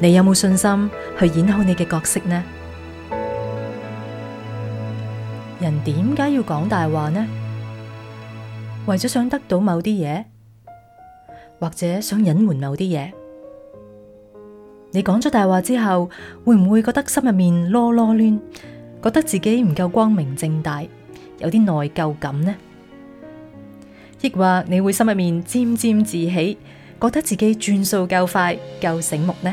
你有冇信心去演好你嘅角色呢？人點解要講大話呢？為咗想得到某啲嘢，或者想隱瞞某啲嘢？你講咗大話之後，會唔會覺得心入面囉囉攣，覺得自己唔夠光明正大，有啲內疚感呢？抑或你會心入面沾沾自喜，覺得自己轉數夠快，夠醒目呢？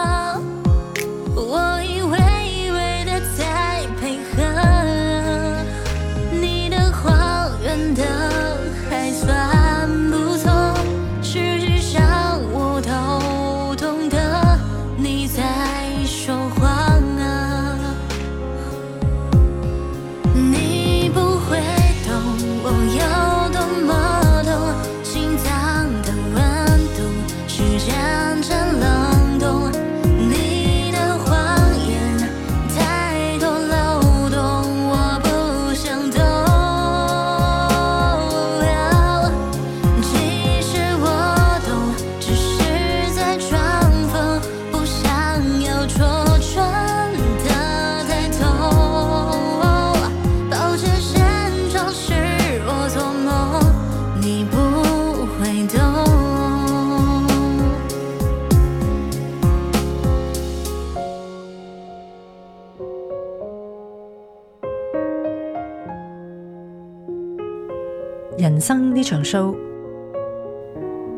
生呢場 show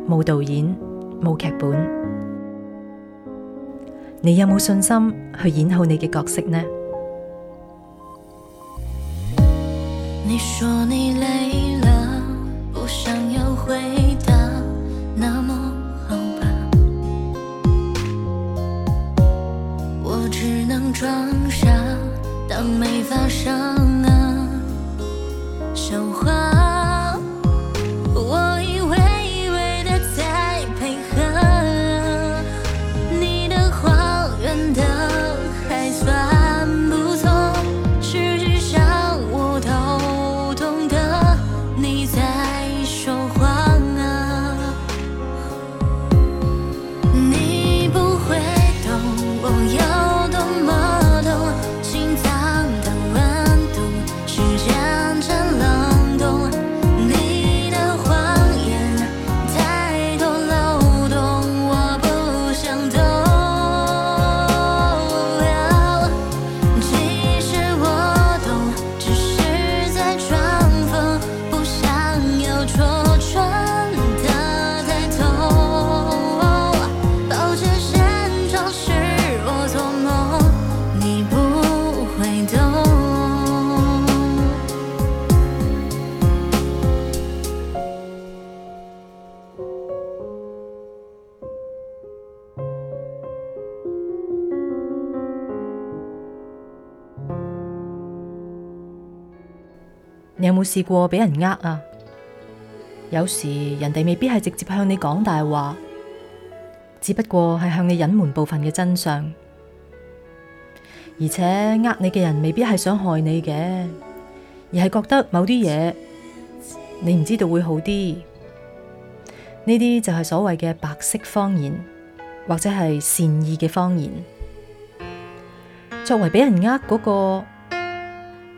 冇導演，冇劇本，你有冇信心去演好你嘅角色呢？有試過俾人呃啊有時人哋未必係直接向你講大話，只不過係向你隱瞞部分嘅真相，而且呃你嘅人未必係想害你嘅，而係覺得某啲嘢你唔知道會好啲。呢啲就係所謂嘅白色謊言，或者係善意嘅謊言。作為俾人呃嗰個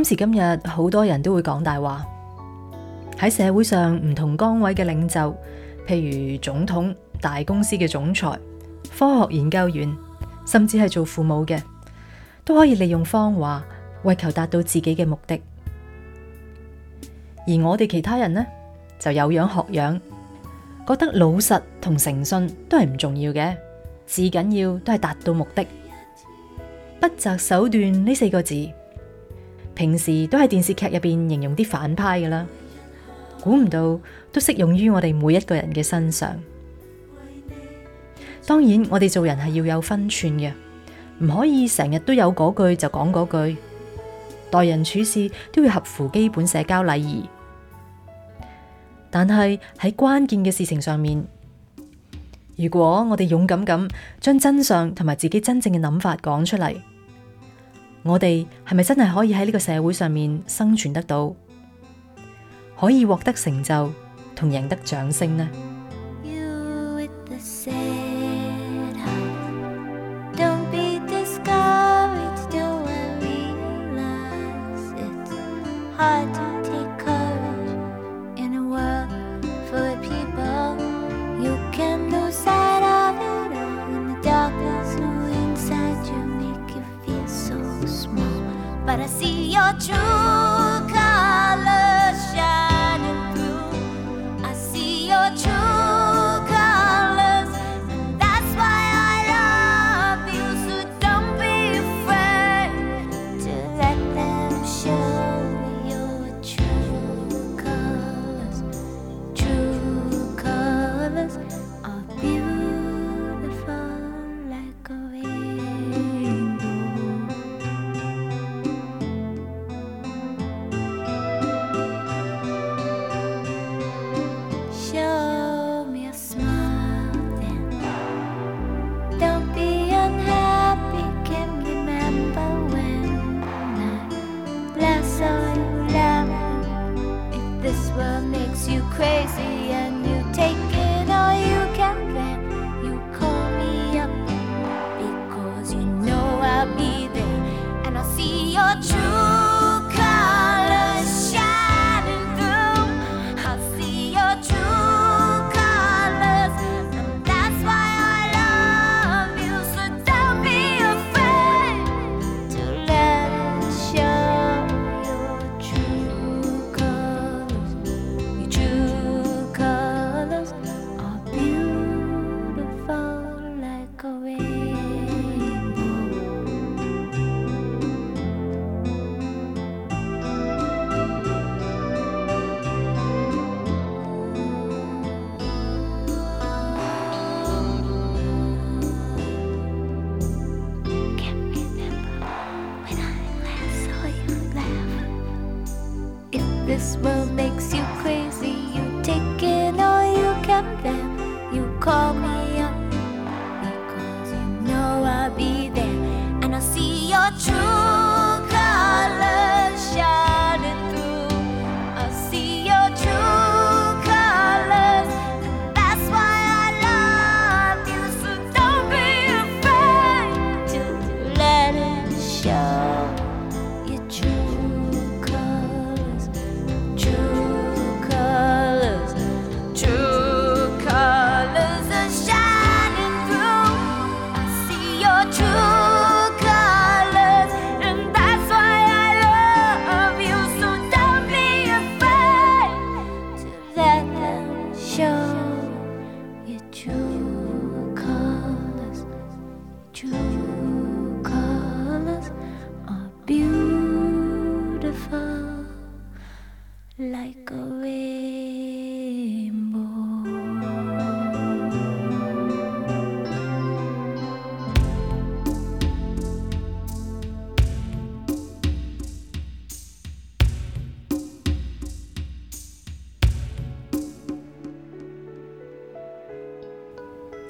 今時今日，好多人都會講大話。喺社會上，唔同崗位嘅領袖，譬如總統、大公司嘅總裁、科學研究員，甚至係做父母嘅，都可以利用方話為求達到自己嘅目的。而我哋其他人呢，就有樣學樣，覺得老實同誠信都係唔重要嘅，至緊要都係達到目的。不擇手段呢四個字。平時都喺電視劇入邊形容啲反派㗎啦，估唔到都適用於我哋每一個人嘅身上。當然，我哋做人係要有分寸嘅，唔可以成日都有嗰句就講嗰句。待人處事都要合乎基本社交禮儀，但係喺關鍵嘅事情上面，如果我哋勇敢咁將真相同埋自己真正嘅諗法講出嚟，我哋係咪真係可以喺呢個社會上面生存得到，可以獲得成就同贏得掌聲呢？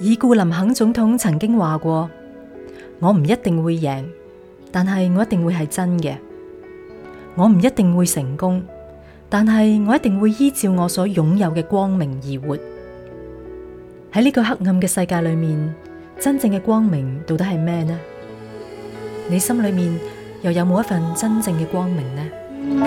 已故林肯總統曾經話過：我唔一定會贏，但係我一定會係真嘅；我唔一定會成功，但係我一定會依照我所擁有嘅光明而活。喺呢個黑暗嘅世界裏面，真正嘅光明到底係咩呢？你心裏面又有冇一份真正嘅光明呢？